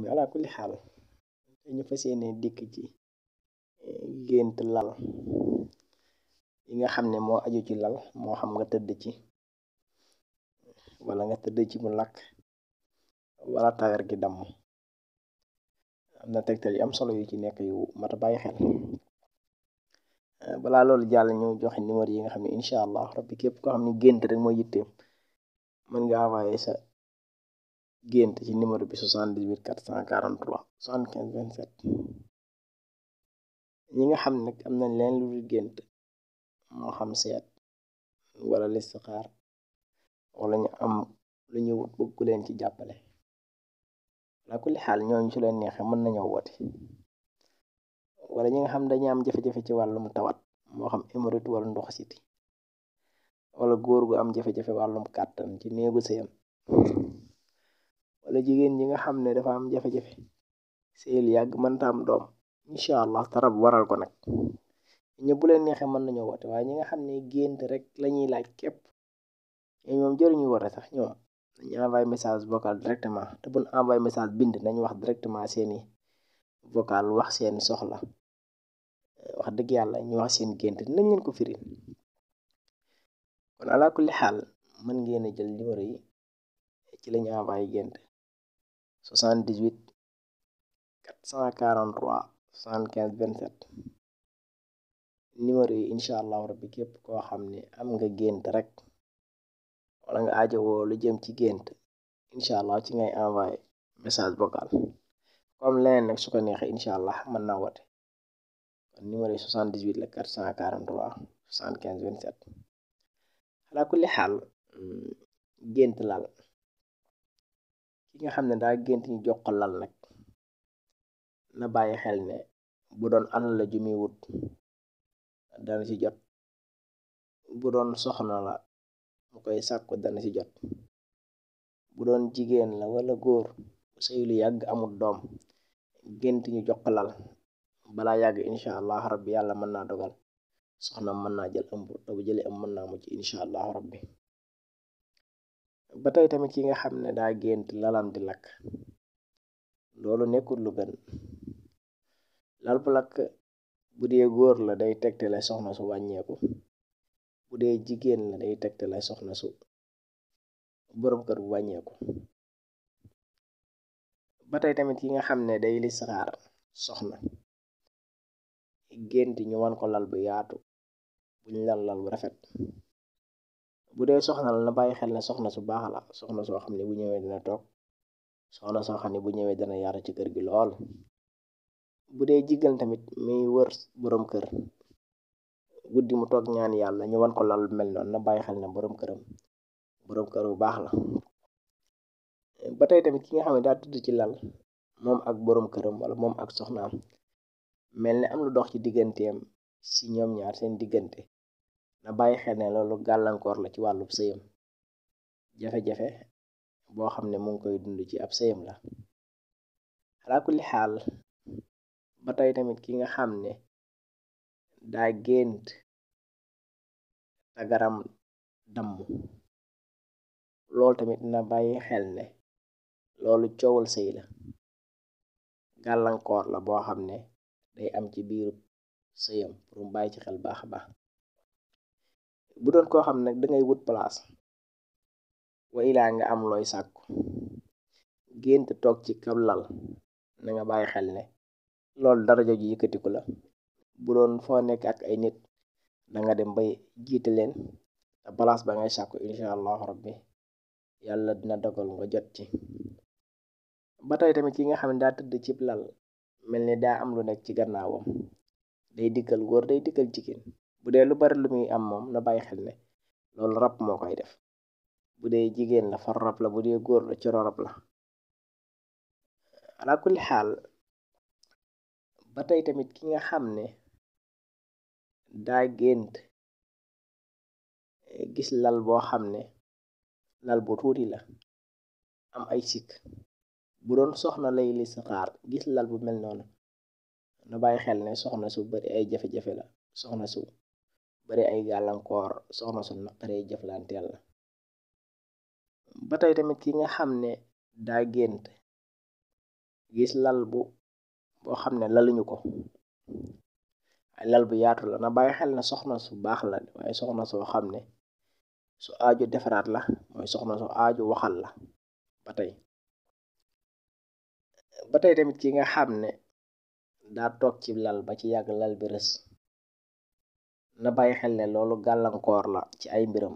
mi ala kulli xaal te ñu fas dikk ci eh, gént lal yi nga xamne mo aju ci lal mo xam nga tedd ci wala nga tedd ci mu lak wala tawer gi dam amna tektal yi am solo yu ci nekk yu mata a xel eh, bala lolou jall ñu jox numéro yi nga xamne inshallah allah rabbi kep ko xamne gënt rek mo yitteem man nga envoyé sa gént ci numéro bi 78 443 75 27 ñi nga xam nag am na leen lu dul gént moo xam seet wala listixaar wala ñu am lu ñu bëgg ku leen ci jàppale wala kulli xaal ñooñu ci leen neexe mën nañoo woote wala ñi nga xam dañu am jafe-jafe ci wàllum tawat moo xam émorite wala ndox siti wala góor gu am jafe-jafe wàllum kàttan ci néegu sëyam la jigéen ji nga xam ne dafa am jafe-jafe sëyl yàgg manta am doom incha allah tarab waral ko nag ñëpp bu leen neexee mën nañoo woote waaye ñi nga xam ne gént rek lañuy laaj képp ñooñ moom jëruñu woote sax ñëw nañu envoyé message vocal directement te buñ envoyé message bind nañ wax directement seeni vocal wax seen soxla wax dëgg yàlla ñu wax seen gént nañ leen ko firi kon alaakulli xaal mën ngeen a jël numéro yi ci lañu envoyé gént 78 443 75 27 numéro yi incha allah rabbi képp koo xam ne am nga gént rek wala nga aajowoo lu jëm ci gént incha allah ci ngay envoyé message vocal comme leneen nag su ko neexee incha allah mën naa woote kon numéro yi 78 la 443 75 27 ala kulli xaal mm, gént laal nga xam ne daa gént ñu jox ko nag na bàyyi xel ne bu doon alal la ju wut dana ci jot bu doon soxna la mu koy sàkku dana ci jot bu doon jigéen la wala góor bu sëy lu yàgg amul doom gént ñu jox ko lal balaa yàgg incha allah rabbi yàlla mën naa dogal soxna mën naa jël ëmb te bu jëlee ëmb mën naa mucc incha allah rabbi ba tey tamit ki nga xam ne daa gént lalam di lakk loolu nekkul lu gën lal bu lakk bu dee góor la day tegtale soxna su wàññeeku bu dee jigéen la day tegtale soxna su boroom kër bu wàññeeku ba tey tamit ki nga xam ne day lisraar soxna gént ñu wan ko lal bu yaatu buñ lal lal bu rafet bu dee soxna la na bàyyi xel na soxna su baax la soxna soo xam ne bu ñëwee dina toog soxna soo xam bu ñëwee dana yaatu ci kër gi lool bu dee jigéen tamit muy wër boroom kër guddi mu toog ñaan yàlla ñu wan ko lal mel noonu na bàyyi xel na boroom këram borom kër bu baax la ba tey tamit ki nga xam ne daa tëdd ci lal moom ak boroom këram wala moom ak soxnaam mel ni am lu dox ci digganteem si ñoom ñaar seen diggante na bàyyi xel ne loolu gàllankoor la ci wàllub sëyam jafe-jafe boo xam ne mu ngi koy dund ci ab sëyam la alaa kulli xaal ba tey tamit ki nga xam ne daa gént tagaram damm loolu tamit na bàyyi xel ne loolu coowal sëy la gàllankoor la boo xam ne day am ci biiru sëyam pour mu bàyyi ci xel baax a baax bu doon koo xam nag ngay wut place wa ilaa nga am looy sàkku gént toog ci kaw lal na nga bàyyi xel ne loolu daraja ji yëkkatiku la bu doon foo nekk ak ay nit nga dem bay jiite leen te balaas ba ngay sàkku incha allahu rabbi yàlla dina dogal nga jot ci ba tey tamit ki nga xam ne daa tëdd cib lal mel ni daa am lu nekk ci gannaawam day dikkal góor day dikkal jigéen bu dee lu bari lu muy am moom na bàyyi xel ne loolu rab moo koy def bu dee jigéen la far rab la bu dee góor la coro rab la ala xaal ba tey tamit ki nga xam ne daa gént gis lal boo xam ne lal bu tuuti la am ay sikk bu doon soxna lay li saxaar gis lal bu mel noonu na bàyyi xel ne soxna su bari ay jafe-jafe la soxna su bari ay gàllankoor soxna su naqaree jëflanteel la ba tey tamit ki nga xam ne daa gént gis lal bu boo xam ne laluñu ko lal bu yaatu la na bàyyi xel na soxna su baax la waaye soxna soo xam ne su aaju defaraat la mooy soxna su aaju waxal la ba tey tamit ki nga xam ne daa toog ci lal ba ci yàgg lal bi rës na bàyyi xel ne loolu gàllankoor la ci ay mbiram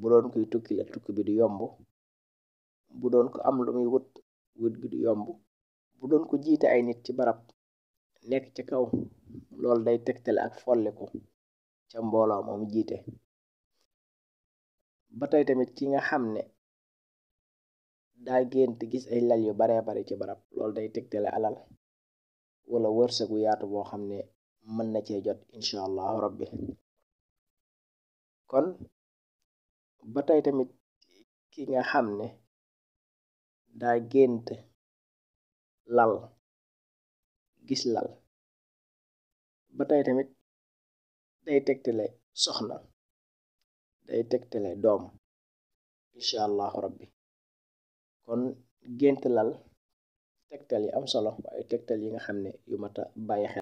bu doon kuy tukki la tukki bi du yomb bu doon ko am lu muy wut wut gi du yomb bu doon ko jiite ay nit ci barab nekk ca kaw loolu day tegtale ak folliku ca mbooloo moom jiite ba tey tamit ki nga xam ne daa gént gis ay lal yu baree bare ci barab loolu day tegtale alal wala wërsëgu yaatu boo xam ne mën na cee jot incha allahu rabbi kon ba tey tamit ki nga xam ne daa gént lal gis lal ba tey tamit day tegtale soxna day tegtale doom incha allahu rabbi kon gént lal tegtal yi am solo waaye tegtal yi nga xam ne yu mata bàyyi xel.